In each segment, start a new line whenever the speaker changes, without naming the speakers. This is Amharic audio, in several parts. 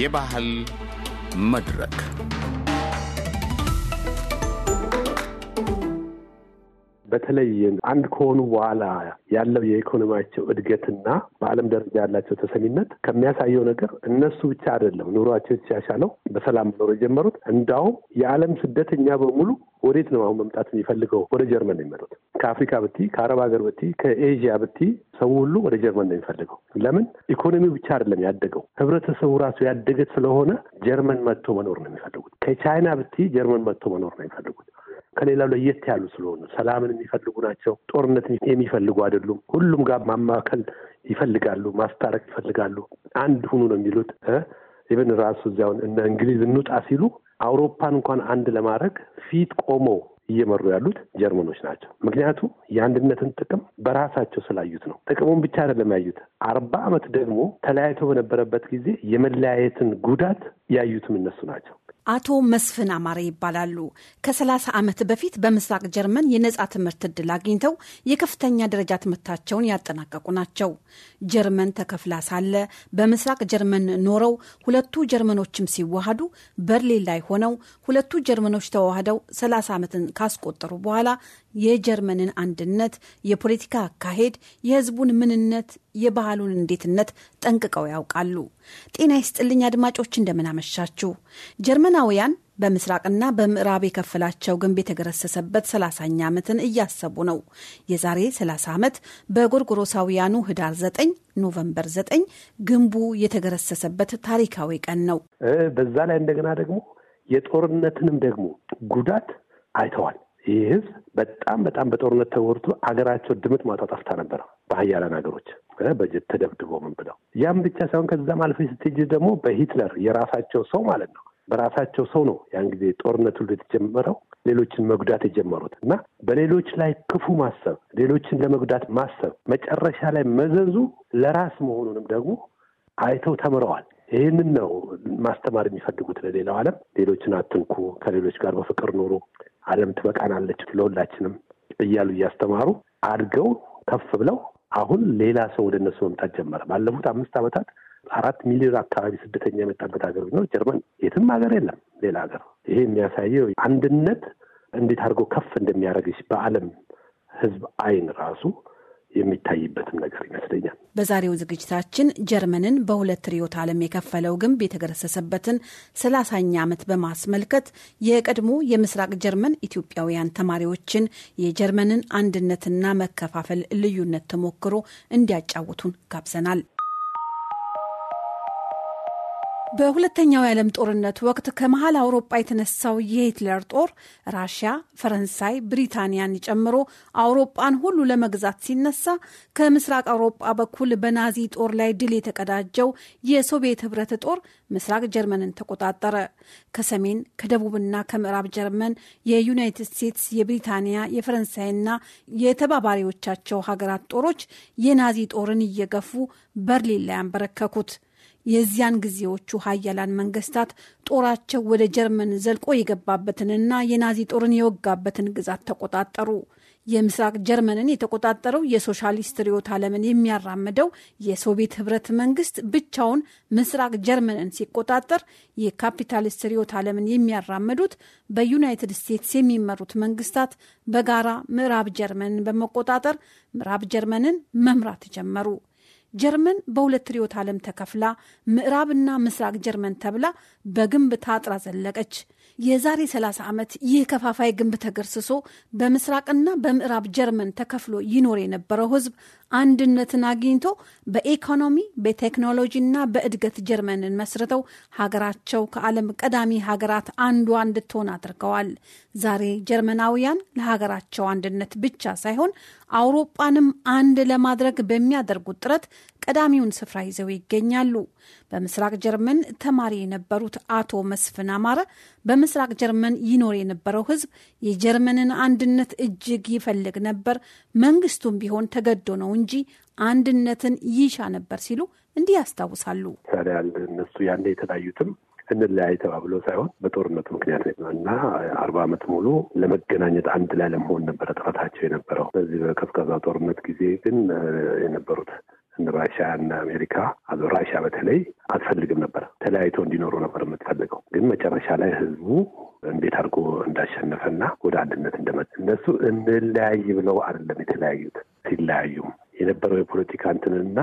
የባህል መድረክ በተለይ አንድ ከሆኑ በኋላ ያለው የኢኮኖሚያቸው እድገትና በዓለም ደረጃ ያላቸው ተሰሚነት ከሚያሳየው ነገር እነሱ ብቻ አይደለም ኑሯቸው ሲያሻለው በሰላም መኖር የጀመሩት እንዳውም የዓለም ስደተኛ በሙሉ ወዴት ነው አሁን መምጣት የሚፈልገው? ወደ ጀርመን ነው የሚመጡት። ከአፍሪካ ብቲ፣ ከአረብ ሀገር ብቲ፣ ከኤዥያ ብቲ ሰው ሁሉ ወደ ጀርመን ነው የሚፈልገው። ለምን? ኢኮኖሚው ብቻ አይደለም ያደገው፣ ህብረተሰቡ ራሱ ያደገት ስለሆነ ጀርመን መጥቶ መኖር ነው የሚፈልጉት። ከቻይና ብቲ ጀርመን መጥቶ መኖር ነው የሚፈልጉት። ከሌላው ለየት ያሉ ስለሆኑ ሰላምን የሚፈልጉ ናቸው። ጦርነት የሚፈልጉ አይደሉም። ሁሉም ጋር ማማከል ይፈልጋሉ፣ ማስታረቅ ይፈልጋሉ። አንድ ሁኑ ነው የሚሉት። ኢቨን ራሱ እዚያውን እነ እንግሊዝ እንውጣ ሲሉ አውሮፓን እንኳን አንድ ለማድረግ ፊት ቆመው እየመሩ ያሉት ጀርመኖች ናቸው። ምክንያቱ የአንድነትን ጥቅም በራሳቸው ስላዩት ነው። ጥቅሙን ብቻ አይደለም ያዩት። አርባ ዓመት ደግሞ ተለያይቶ በነበረበት ጊዜ የመለያየትን ጉዳት ያዩትም እነሱ ናቸው።
አቶ መስፍን አማረ ይባላሉ። ከ30 ዓመት በፊት በምስራቅ ጀርመን የነጻ ትምህርት ዕድል አግኝተው የከፍተኛ ደረጃ ትምህርታቸውን ያጠናቀቁ ናቸው። ጀርመን ተከፍላ ሳለ በምስራቅ ጀርመን ኖረው ሁለቱ ጀርመኖችም ሲዋሃዱ በርሊን ላይ ሆነው ሁለቱ ጀርመኖች ተዋህደው 30 ዓመትን ካስቆጠሩ በኋላ የጀርመንን አንድነት፣ የፖለቲካ አካሄድ፣ የህዝቡን ምንነት፣ የባህሉን እንዴትነት ጠንቅቀው ያውቃሉ። ጤና ይስጥልኝ አድማጮች፣ እንደምናመሻችሁ። ጀርመናውያን በምስራቅና በምዕራብ የከፈላቸው ግንብ የተገረሰሰበት 30ኛ ዓመትን እያሰቡ ነው። የዛሬ 30 ዓመት በጎርጎሮሳውያኑ ህዳር 9 ኖቨምበር 9 ግንቡ የተገረሰሰበት ታሪካዊ ቀን ነው።
በዛ ላይ እንደገና ደግሞ የጦርነትንም ደግሞ ጉዳት አይተዋል። ይህ ህዝብ በጣም በጣም በጦርነት ተወርቶ ሀገራቸው ድምጥ ማጣት አፍታ ነበረ በሀያላን ሀገሮች በጀት ተደብድቦ ምን ብለው ያም ብቻ ሳይሆን ከዛም አልፈ ስትጅ ደግሞ በሂትለር የራሳቸው ሰው ማለት ነው በራሳቸው ሰው ነው ያን ጊዜ ጦርነት ሁሉ የተጀመረው ሌሎችን መጉዳት የጀመሩት እና በሌሎች ላይ ክፉ ማሰብ፣ ሌሎችን ለመጉዳት ማሰብ መጨረሻ ላይ መዘዙ ለራስ መሆኑንም ደግሞ አይተው ተምረዋል። ይህንን ነው ማስተማር የሚፈልጉት ለሌላው አለም ሌሎችን አትንኩ፣ ከሌሎች ጋር በፍቅር ኑሩ፣ ዓለም ትበቃናለች ለሁላችንም እያሉ እያስተማሩ አድገው ከፍ ብለው አሁን ሌላ ሰው ወደ እነሱ መምጣት ጀመረ። ባለፉት አምስት ዓመታት አራት ሚሊዮን አካባቢ ስደተኛ የመጣበት ሀገር ቢኖር ጀርመን፣ የትም ሀገር የለም ሌላ ሀገር። ይሄ የሚያሳየው አንድነት እንዴት አድርጎ ከፍ እንደሚያደርግ በዓለም ህዝብ አይን ራሱ የሚታይበትም ነገር ይመስለኛል።
በዛሬው ዝግጅታችን ጀርመንን በሁለት ርዕዮተ ዓለም የከፈለው ግንብ የተገረሰሰበትን ሰላሳኛ ዓመት በማስመልከት የቀድሞ የምስራቅ ጀርመን ኢትዮጵያውያን ተማሪዎችን የጀርመንን አንድነትና መከፋፈል ልዩነት ተሞክሮ እንዲያጫውቱን ጋብዘናል። በሁለተኛው የዓለም ጦርነት ወቅት ከመሀል አውሮጳ የተነሳው የሂትለር ጦር ራሽያ፣ ፈረንሳይ፣ ብሪታንያን ጨምሮ አውሮጳን ሁሉ ለመግዛት ሲነሳ ከምስራቅ አውሮጳ በኩል በናዚ ጦር ላይ ድል የተቀዳጀው የሶቪየት ህብረት ጦር ምስራቅ ጀርመንን ተቆጣጠረ። ከሰሜን ከደቡብና ከምዕራብ ጀርመን የዩናይትድ ስቴትስ፣ የብሪታንያ፣ የፈረንሳይና የተባባሪዎቻቸው ሀገራት ጦሮች የናዚ ጦርን እየገፉ በርሊን ላይ አንበረከኩት። የዚያን ጊዜዎቹ ሀያላን መንግስታት ጦራቸው ወደ ጀርመን ዘልቆ የገባበትንና የናዚ ጦርን የወጋበትን ግዛት ተቆጣጠሩ። የምስራቅ ጀርመንን የተቆጣጠረው የሶሻሊስት ርዕዮተ ዓለምን የሚያራምደው የሶቪየት ህብረት መንግስት ብቻውን ምስራቅ ጀርመንን ሲቆጣጠር የካፒታሊስት ርዕዮተ ዓለምን የሚያራምዱት በዩናይትድ ስቴትስ የሚመሩት መንግስታት በጋራ ምዕራብ ጀርመንን በመቆጣጠር ምዕራብ ጀርመንን መምራት ጀመሩ። ጀርመን በሁለት ርዕዮተ ዓለም ተከፍላ ምዕራብና ምስራቅ ጀርመን ተብላ በግንብ ታጥራ ዘለቀች። የዛሬ 30 ዓመት ይህ ከፋፋይ ግንብ ተገርስሶ በምስራቅና በምዕራብ ጀርመን ተከፍሎ ይኖር የነበረው ሕዝብ አንድነትን አግኝቶ በኢኮኖሚ በቴክኖሎጂና በእድገት ጀርመንን መስርተው ሀገራቸው ከዓለም ቀዳሚ ሀገራት አንዷ እንድትሆን አድርገዋል። ዛሬ ጀርመናውያን ለሀገራቸው አንድነት ብቻ ሳይሆን አውሮጳንም አንድ ለማድረግ በሚያደርጉት ጥረት ቀዳሚውን ስፍራ ይዘው ይገኛሉ። በምስራቅ ጀርመን ተማሪ የነበሩት አቶ መስፍን አማረ በምስራቅ ጀርመን ይኖር የነበረው ሕዝብ የጀርመንን አንድነት እጅግ ይፈልግ ነበር፣ መንግስቱም ቢሆን ተገዶ ነው እንጂ አንድነትን ይሻ ነበር ሲሉ እንዲህ ያስታውሳሉ።
ታዲያ እነሱ ያን የተለያዩትም እንለያይ ተባብሎ ሳይሆን በጦርነቱ ምክንያት ነው እና አርባ ዓመት ሙሉ ለመገናኘት አንድ ላይ ለመሆን ነበረ ጥረታቸው የነበረው። በዚህ በቀዝቀዛ ጦርነት ጊዜ ግን የነበሩት ራሽያ እና አሜሪካ አዞ ራሽያ በተለይ አትፈልግም ነበር። ተለያይቶ እንዲኖሩ ነበር የምትፈልገው። ግን መጨረሻ ላይ ህዝቡ እንዴት አድርጎ እንዳሸነፈና ወደ አንድነት እንደመጣ እነሱ እንለያይ ብለው አይደለም የተለያዩት ሲለያዩም የነበረው የፖለቲካ እንትንና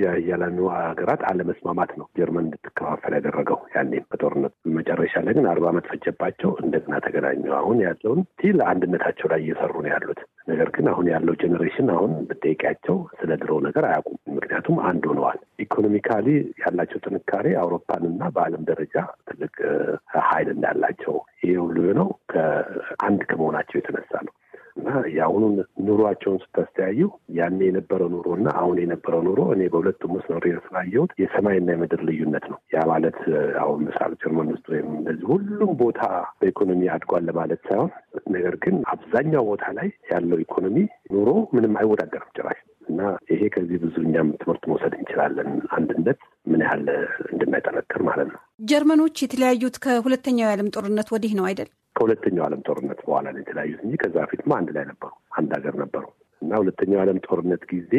የያላኑ ሀገራት አለመስማማት ነው ጀርመን እንድትከፋፈል ያደረገው ያኔ በጦርነት መጨረሻ ላይ ግን አርባ ዓመት ፈጀባቸው። እንደገና ተገናኙ። አሁን ያለውን ቲል አንድነታቸው ላይ እየሰሩ ነው ያሉት። ነገር ግን አሁን ያለው ጄኔሬሽን አሁን ብጠይቂያቸው ስለ ድሮ ነገር አያውቁም። ምክንያቱም አንድ ሆነዋል። ኢኮኖሚካሊ ያላቸው ጥንካሬ አውሮፓንና በዓለም ደረጃ ትልቅ ሀይል እንዳላቸው ይህ ሁሉ ነው ከአንድ ከመሆናቸው የተነሳ ነው። እና የአሁኑን ኑሯቸውን ስታስተያዩ ያኔ የነበረው ኑሮ እና አሁን የነበረው ኑሮ እኔ በሁለቱም ውስጥ ነው ስላየሁት የሰማይና የምድር ልዩነት ነው። ያ ማለት አሁን ምሳሌ ጀርመን ውስጥ ወይም እንደዚህ ሁሉም ቦታ በኢኮኖሚ አድጓል ለማለት ሳይሆን፣ ነገር ግን አብዛኛው ቦታ ላይ ያለው ኢኮኖሚ ኑሮ ምንም አይወዳደርም ጭራሽ እና ይሄ ከዚህ ብዙ እኛም ትምህርት መውሰድ እንችላለን። አንድነት ምን ያህል እንደሚያጠነክር ማለት ነው።
ጀርመኖች የተለያዩት ከሁለተኛው የዓለም ጦርነት ወዲህ ነው አይደል?
ከሁለተኛው ዓለም ጦርነት በኋላ ነው የተለያዩት እንጂ ከዛ በፊትማ አንድ ላይ ነበሩ፣ አንድ ሀገር ነበሩ እና ሁለተኛው ዓለም ጦርነት ጊዜ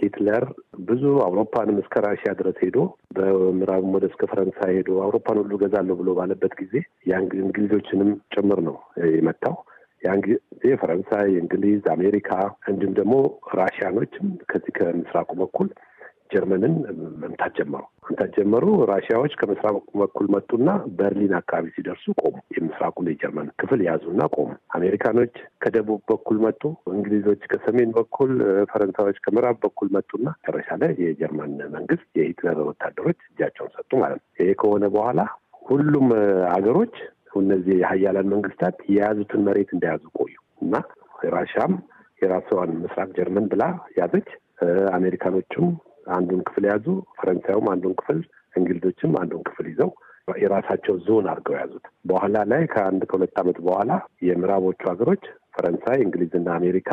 ሂትለር ብዙ አውሮፓንም እስከ ራሽያ ድረስ ሄዶ በምዕራብም ወደ እስከ ፈረንሳይ ሄዶ አውሮፓን ሁሉ ገዛለሁ ብሎ ባለበት ጊዜ እንግሊዞችንም ጭምር ነው የመታው። ያን ጊዜ ፈረንሳይ፣ እንግሊዝ፣ አሜሪካ እንዲሁም ደግሞ ራሽያኖችም ከዚህ ከምስራቁ በኩል ጀርመንን መምታት ጀመሩ። መምታት ጀመሩ። ራሽያዎች ከምስራቅ በኩል መጡና በርሊን አካባቢ ሲደርሱ ቆሙ። የምስራቁን የጀርመን ክፍል ያዙና ቆሙ። አሜሪካኖች ከደቡብ በኩል መጡ። እንግሊዞች ከሰሜን በኩል፣ ፈረንሳዮች ከምዕራብ በኩል መጡና መጨረሻ ላይ የጀርመን መንግስት የሂትለር ወታደሮች እጃቸውን ሰጡ ማለት ነው። ይሄ ከሆነ በኋላ ሁሉም ሀገሮች እነዚህ የሀያላን መንግስታት የያዙትን መሬት እንደያዙ ቆዩ እና ራሽያም የራሷን ምስራቅ ጀርመን ብላ ያዘች። አሜሪካኖቹም አንዱን ክፍል ያዙ። ፈረንሳዩም አንዱን ክፍል፣ እንግሊዞችም አንዱን ክፍል ይዘው የራሳቸው ዞን አድርገው ያዙት። በኋላ ላይ ከአንድ ከሁለት ዓመት በኋላ የምዕራቦቹ ሀገሮች ፈረንሳይ፣ እንግሊዝና አሜሪካ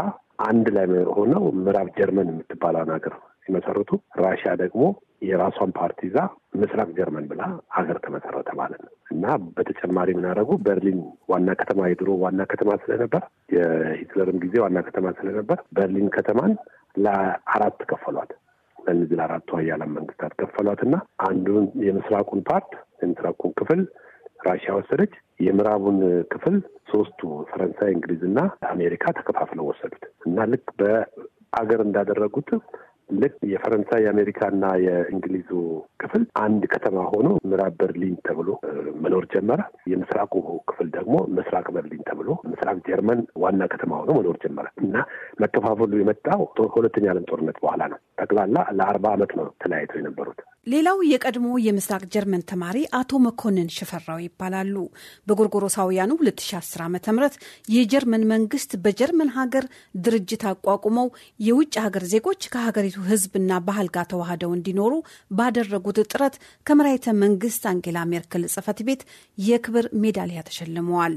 አንድ ላይ ሆነው ምዕራብ ጀርመን የምትባለውን ሀገር ሲመሰርቱ ራሽያ ደግሞ የራሷን ፓርቲ ይዛ ምስራቅ ጀርመን ብላ ሀገር ተመሰረተ ማለት ነው። እና በተጨማሪ የምናደረጉ በርሊን ዋና ከተማ የድሮ ዋና ከተማ ስለነበር የሂትለርም ጊዜ ዋና ከተማ ስለነበር በርሊን ከተማን ለአራት ከፈሏት። ለዚህ ለአራቱ ሀያላን መንግስታት ከፈሏት ከፈሏትና አንዱን የምስራቁን ፓርት የምስራቁን ክፍል ራሽያ ወሰደች። የምዕራቡን ክፍል ሶስቱ ፈረንሳይ፣ እንግሊዝ እና አሜሪካ ተከፋፍለው ወሰዱት እና ልክ በአገር እንዳደረጉት ልክ የፈረንሳይ የአሜሪካና የእንግሊዙ ክፍል አንድ ከተማ ሆኖ ምዕራብ በርሊን ተብሎ መኖር ጀመረ። የምስራቁ ክፍል ደግሞ ምስራቅ በርሊን ተብሎ ምስራቅ ጀርመን ዋና ከተማ ሆኖ መኖር ጀመረ እና መከፋፈሉ የመጣው ሁለተኛ ዓለም ጦርነት በኋላ ነው። ጠቅላላ ለአርባ ዓመት ነው ተለያይተው የነበሩት።
ሌላው የቀድሞ የምስራቅ ጀርመን ተማሪ አቶ መኮንን ሽፈራው ይባላሉ። በጎርጎሮሳውያኑ 2010 ዓ ም የጀርመን መንግስት በጀርመን ሀገር ድርጅት አቋቁመው የውጭ ሀገር ዜጎች ከሀገሪቱ ሕዝብና ባህል ጋር ተዋህደው እንዲኖሩ ባደረጉት ጥረት ከመራይተ መንግስት አንጌላ ሜርክል ጽህፈት ቤት የክብር ሜዳሊያ ተሸልመዋል።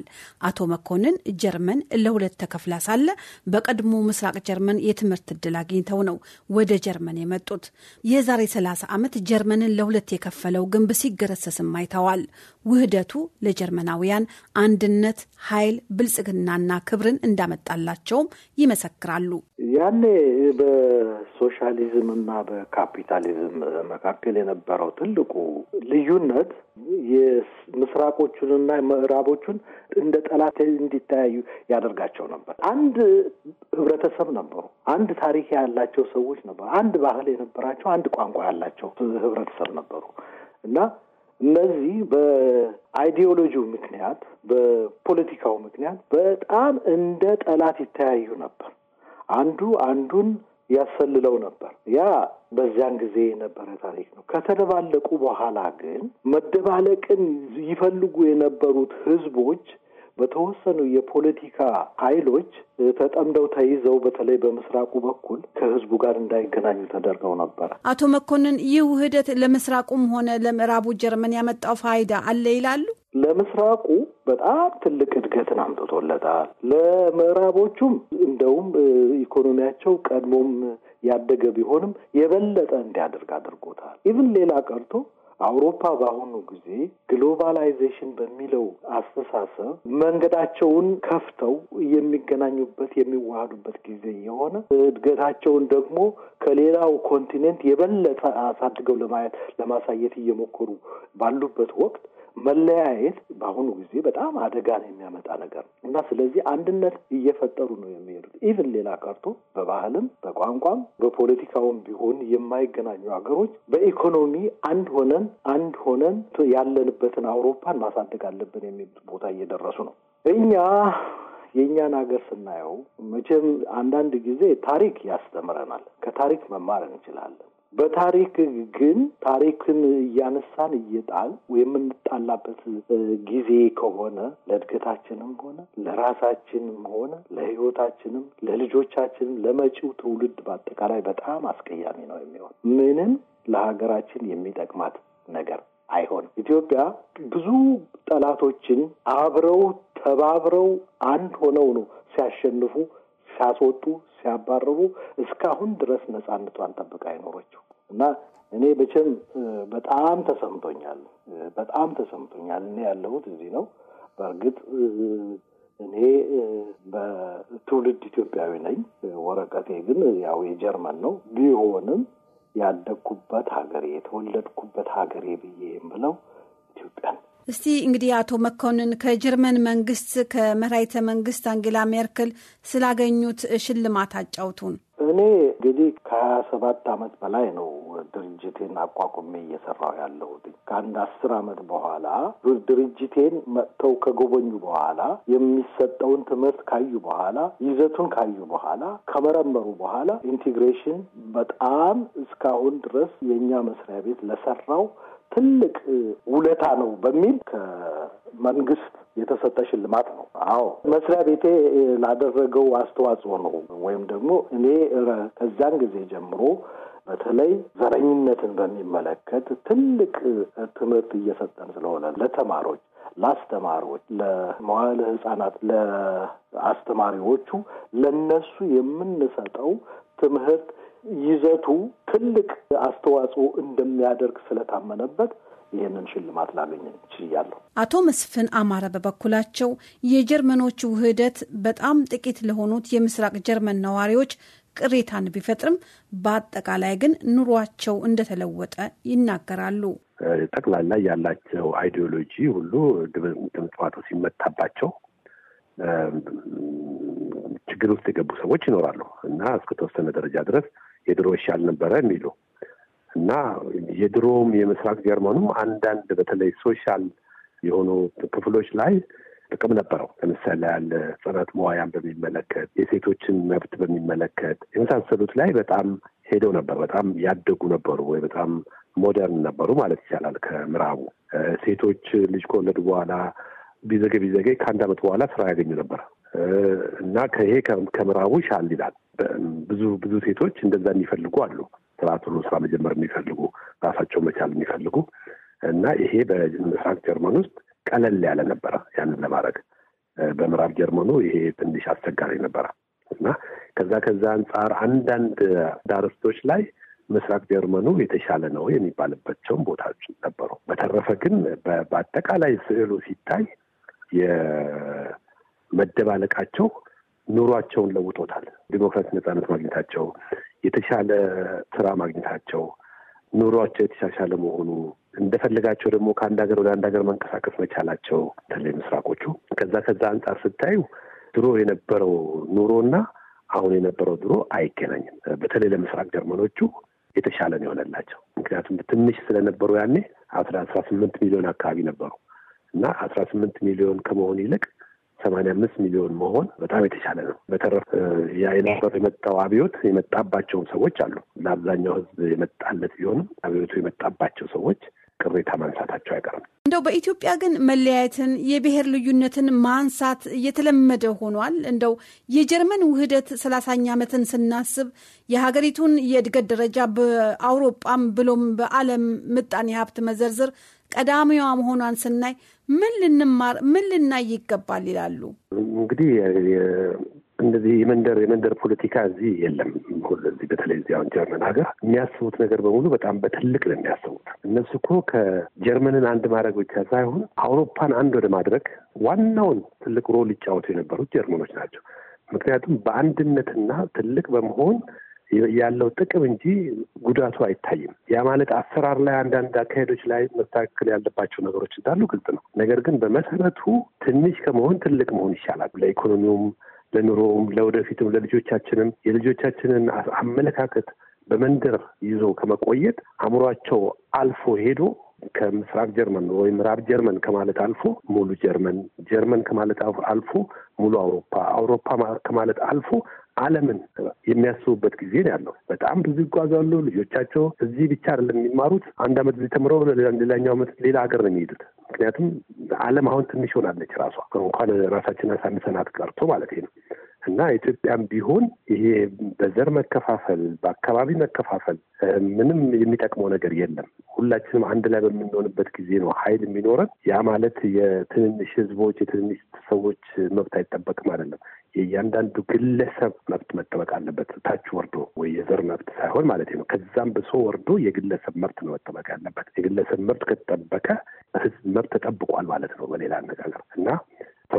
አቶ መኮንን ጀርመን ለሁለት ተከፍላ ሳለ በቀድሞ ምስራቅ ጀርመን የትምህርት ዕድል አግኝተው ነው ወደ ጀርመን የመጡት። የዛሬ 30 ዓመት ጀርመንን ለሁለት የከፈለው ግንብ ሲገረሰስም አይተዋል። ውህደቱ ለጀርመናውያን አንድነት፣ ኃይል፣ ብልጽግናና ክብርን እንዳመጣላቸውም ይመሰክራሉ።
ያኔ በሶሻሊዝም እና በካፒታሊዝም መካከል የነበረው ትልቁ ልዩነት የምስራቆቹንና ምዕራቦቹን እንደ ጠላት እንዲተያዩ ያደርጋቸው ነበር። አንድ ህብረተሰብ ነበሩ። አንድ ታሪክ ያላቸው ሰዎች ነበሩ። አንድ ባህል የነበራቸው፣ አንድ ቋንቋ ያላቸው ህብረተሰብ ነበሩ እና እነዚህ በአይዲዮሎጂው ምክንያት፣ በፖለቲካው ምክንያት በጣም እንደ ጠላት ይተያዩ ነበር። አንዱ አንዱን ያሰልለው ነበር። ያ በዚያን ጊዜ የነበረ ታሪክ ነው። ከተደባለቁ በኋላ ግን መደባለቅን ይፈልጉ የነበሩት ህዝቦች በተወሰኑ የፖለቲካ ኃይሎች ተጠምደው ተይዘው በተለይ በምስራቁ በኩል ከህዝቡ ጋር እንዳይገናኙ ተደርገው ነበር
አቶ መኮንን፣ ይህ ውህደት ለምስራቁም ሆነ ለምዕራቡ ጀርመን ያመጣው ፋይዳ አለ ይላሉ?
ለምስራቁ በጣም ትልቅ እድገትን አምጥቶለታል። ለምዕራቦቹም እንደውም ኢኮኖሚያቸው ቀድሞም ያደገ ቢሆንም የበለጠ እንዲያደርግ አድርጎታል። ኢቭን ሌላ ቀርቶ አውሮፓ በአሁኑ ጊዜ ግሎባላይዜሽን በሚለው አስተሳሰብ መንገዳቸውን ከፍተው የሚገናኙበት የሚዋሃዱበት ጊዜ የሆነ እድገታቸውን ደግሞ ከሌላው ኮንቲኔንት የበለጠ አሳድገው ለማየት ለማሳየት እየሞከሩ ባሉበት ወቅት መለያየት በአሁኑ ጊዜ በጣም ነው የሚያመጣ ነገር እና ስለዚህ አንድነት እየፈጠሩ ነው የሚሄዱት። ኢቭን ሌላ ቀርቶ በባህልም፣ በቋንቋም፣ በፖለቲካውም ቢሆን የማይገናኙ ሀገሮች በኢኮኖሚ አንድ ሆነን አንድ ሆነን ያለንበትን አውሮፓን ማሳደግ አለብን የሚሉት ቦታ እየደረሱ ነው። እኛ የእኛን ሀገር ስናየው መቼም አንዳንድ ጊዜ ታሪክ ያስተምረናል። ከታሪክ መማር እንችላለን። በታሪክ ግን ታሪክን እያነሳን እየጣል የምንጣላበት ጊዜ ከሆነ ለእድገታችንም ሆነ ለራሳችንም ሆነ ለሕይወታችንም ለልጆቻችንም ለመጪው ትውልድ በአጠቃላይ በጣም አስቀያሚ ነው የሚሆን። ምንም ለሀገራችን የሚጠቅማት ነገር አይሆንም። ኢትዮጵያ ብዙ ጠላቶችን አብረው ተባብረው አንድ ሆነው ነው ሲያሸንፉ ሲያስወጡ ሲያባረሩ እስካሁን ድረስ ነጻነቷን ጠብቃ አይኖረችው እና እኔ መቼም በጣም ተሰምቶኛል፣ በጣም ተሰምቶኛል። እኔ ያለሁት እዚህ ነው። በእርግጥ እኔ በትውልድ ኢትዮጵያዊ ነኝ። ወረቀቴ ግን ያው የጀርመን ነው። ቢሆንም ያደግኩበት ሀገሬ የተወለድኩበት ሀገሬ ብዬ የምለው
ኢትዮጵያ ነው። እስቲ እንግዲህ አቶ መኮንን ከጀርመን መንግስት ከመራይተ መንግስት አንጌላ ሜርክል ስላገኙት ሽልማት አጫውቱን።
እኔ እንግዲህ ከሀያ ሰባት አመት በላይ ነው ድርጅቴን አቋቁሜ እየሰራው ያለሁት። ከአንድ አስር አመት በኋላ ድርጅቴን መጥተው ከጎበኙ በኋላ የሚሰጠውን ትምህርት ካዩ በኋላ ይዘቱን ካዩ በኋላ ከመረመሩ በኋላ ኢንቴግሬሽን በጣም እስካሁን ድረስ የእኛ መስሪያ ቤት ለሰራው ትልቅ ውለታ ነው በሚል ከመንግስት የተሰጠ ሽልማት ነው። አዎ መስሪያ ቤቴ ላደረገው አስተዋጽኦ ነው። ወይም ደግሞ እኔ ከዛን ጊዜ ጀምሮ በተለይ ዘረኝነትን በሚመለከት ትልቅ ትምህርት እየሰጠን ስለሆነ ለተማሪዎች፣ ለአስተማሪዎች፣ ለመዋለ ህጻናት፣ ለአስተማሪዎቹ ለነሱ የምንሰጠው ትምህርት ይዘቱ ትልቅ አስተዋጽኦ እንደሚያደርግ ስለታመነበት ይህንን ሽልማት ላገኘ ችያለሁ።
አቶ መስፍን አማረ በበኩላቸው የጀርመኖች ውህደት በጣም ጥቂት ለሆኑት የምስራቅ ጀርመን ነዋሪዎች ቅሬታን ቢፈጥርም በአጠቃላይ ግን ኑሯቸው እንደተለወጠ ይናገራሉ።
ጠቅላላ ያላቸው አይዲዮሎጂ ሁሉ ድምጽዋቱ ሲመታባቸው ችግር ውስጥ የገቡ ሰዎች ይኖራሉ እና ተወሰነ ደረጃ ድረስ የድሮ ይሻል ነበረ የሚሉ እና የድሮም የምስራቅ ጀርመኑም አንዳንድ በተለይ ሶሻል የሆኑ ክፍሎች ላይ ጥቅም ነበረው። ለምሳሌ ያለ ጽረት መዋያን በሚመለከት የሴቶችን መብት በሚመለከት የመሳሰሉት ላይ በጣም ሄደው ነበር። በጣም ያደጉ ነበሩ ወይ በጣም ሞደርን ነበሩ ማለት ይቻላል። ከምዕራቡ ሴቶች ልጅ ከወለዱ በኋላ ቢዘገይ ቢዘገይ ከአንድ ዓመት በኋላ ስራ ያገኙ ነበር። እና ከይሄ ከምዕራቡ ይሻል ይላል። ብዙ ብዙ ሴቶች እንደዛ የሚፈልጉ አሉ። ስርዓት ሁሉ ስራ መጀመር የሚፈልጉ ራሳቸው መቻል የሚፈልጉ እና ይሄ በምስራቅ ጀርመን ውስጥ ቀለል ያለ ነበረ ያንን ለማድረግ። በምዕራብ ጀርመኑ ይሄ ትንሽ አስቸጋሪ ነበረ እና ከዛ ከዛ አንጻር አንዳንድ ዳርስቶች ላይ ምስራቅ ጀርመኑ የተሻለ ነው የሚባልባቸውም ቦታዎች ነበሩ። በተረፈ ግን በአጠቃላይ ስዕሉ ሲታይ መደባለቃቸው ኑሯቸውን ለውጦታል። ዲሞክራሲ ነጻነት ማግኘታቸው፣ የተሻለ ስራ ማግኘታቸው፣ ኑሯቸው የተሻሻለ መሆኑ እንደፈለጋቸው ደግሞ ከአንድ ሀገር ወደ አንድ ሀገር መንቀሳቀስ መቻላቸው በተለይ ምስራቆቹ ከዛ ከዛ አንጻር ስታዩ ድሮ የነበረው ኑሮና አሁን የነበረው ድሮ አይገናኝም። በተለይ ለምስራቅ ጀርመኖቹ የተሻለ ነው የሆነላቸው። ምክንያቱም ትንሽ ስለነበሩ ያኔ አስራ ስምንት ሚሊዮን አካባቢ ነበሩ እና አስራ ስምንት ሚሊዮን ከመሆኑ ይልቅ ሰማንያ አምስት ሚሊዮን መሆን በጣም የተሻለ ነው። በተረፍ የአይናፈር የመጣው አብዮት የመጣባቸውም ሰዎች አሉ። ለአብዛኛው ህዝብ የመጣለት ቢሆንም አብዮቱ የመጣባቸው ሰዎች ቅሬታ ማንሳታቸው አይቀርም።
እንደው በኢትዮጵያ ግን መለያየትን፣ የብሔር ልዩነትን ማንሳት እየተለመደ ሆኗል። እንደው የጀርመን ውህደት ሰላሳኛ ዓመትን ስናስብ የሀገሪቱን የእድገት ደረጃ በአውሮጳም ብሎም በዓለም ምጣኔ ሀብት መዘርዝር ቀዳሚዋ መሆኗን ስናይ ምን ልንማር ምን ልናይ ይገባል ይላሉ እንግዲህ
እንደዚህ የመንደር የመንደር ፖለቲካ እዚህ የለም። እዚህ በተለይ እዚህ አሁን ጀርመን ሀገር የሚያስቡት ነገር በሙሉ በጣም በትልቅ ነው የሚያስቡት። እነሱ እኮ ከጀርመንን አንድ ማድረግ ብቻ ሳይሆን አውሮፓን አንድ ወደ ማድረግ ዋናውን ትልቅ ሮል ሊጫወቱ የነበሩት ጀርመኖች ናቸው። ምክንያቱም በአንድነትና ትልቅ በመሆን ያለው ጥቅም እንጂ ጉዳቱ አይታይም። ያ ማለት አሰራር ላይ አንዳንድ አካሄዶች ላይ መስተካከል ያለባቸው ነገሮች እንዳሉ ግልጽ ነው። ነገር ግን በመሰረቱ ትንሽ ከመሆን ትልቅ መሆን ይሻላል። ለኢኮኖሚውም ለኑሮውም፣ ለወደፊትም፣ ለልጆቻችንም የልጆቻችንን አመለካከት በመንደር ይዞ ከመቆየት አእምሯቸው አልፎ ሄዶ ከምስራቅ ጀርመን ወይ ምዕራብ ጀርመን ከማለት አልፎ ሙሉ ጀርመን፣ ጀርመን ከማለት አልፎ ሙሉ አውሮፓ፣ አውሮፓ ከማለት አልፎ ዓለምን የሚያስቡበት ጊዜ ነው ያለው። በጣም ብዙ ይጓዛሉ። ልጆቻቸው እዚህ ብቻ አይደለም የሚማሩት። አንድ አመት እዚህ ተምረው ሌላኛው ዓመት ሌላ ሀገር ነው የሚሄዱት። ምክንያቱም ዓለም አሁን ትንሽ ሆናለች ራሷ እንኳን ራሳችን አሳንሰናት ቀርቶ ማለት ነው። እና ኢትዮጵያም ቢሆን ይሄ በዘር መከፋፈል፣ በአካባቢ መከፋፈል ምንም የሚጠቅመው ነገር የለም። ሁላችንም አንድ ላይ በምንሆንበት ጊዜ ነው ኃይል የሚኖረን። ያ ማለት የትንንሽ ህዝቦች የትንንሽ ሰዎች መብት አይጠበቅም አይደለም። የእያንዳንዱ ግለሰብ መብት መጠበቅ አለበት። ታች ወርዶ ወይ የዘር መብት ሳይሆን ማለት ነው። ከዛም ብሶ ወርዶ የግለሰብ መብት ነው መጠበቅ ያለበት። የግለሰብ መብት ከተጠበቀ ህዝብ መብት ተጠብቋል ማለት ነው በሌላ አነጋገር እና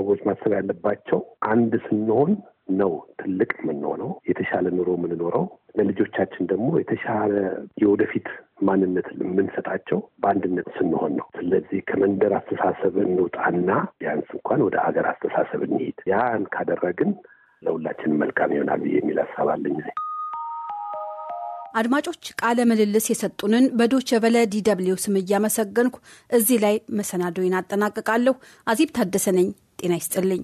ሰዎች ማሰብ ያለባቸው አንድ ስንሆን ነው ትልቅ የምንሆነው የተሻለ ኑሮ የምንኖረው ለልጆቻችን ደግሞ የተሻለ የወደፊት ማንነት የምንሰጣቸው በአንድነት ስንሆን ነው። ስለዚህ ከመንደር አስተሳሰብ እንውጣና ቢያንስ እንኳን ወደ አገር አስተሳሰብ እንሄድ ያን ካደረግን ለሁላችንም መልካም ይሆናል ብዬ የሚል ሀሳብ አለኝ።
አድማጮች ቃለ ምልልስ የሰጡንን በዶቸ በለ ዲደብሊው ስም እያመሰገንኩ እዚህ ላይ መሰናዶይን አጠናቅቃለሁ። አዚብ ታደሰ ነኝ። ጤና ይስጥልኝ።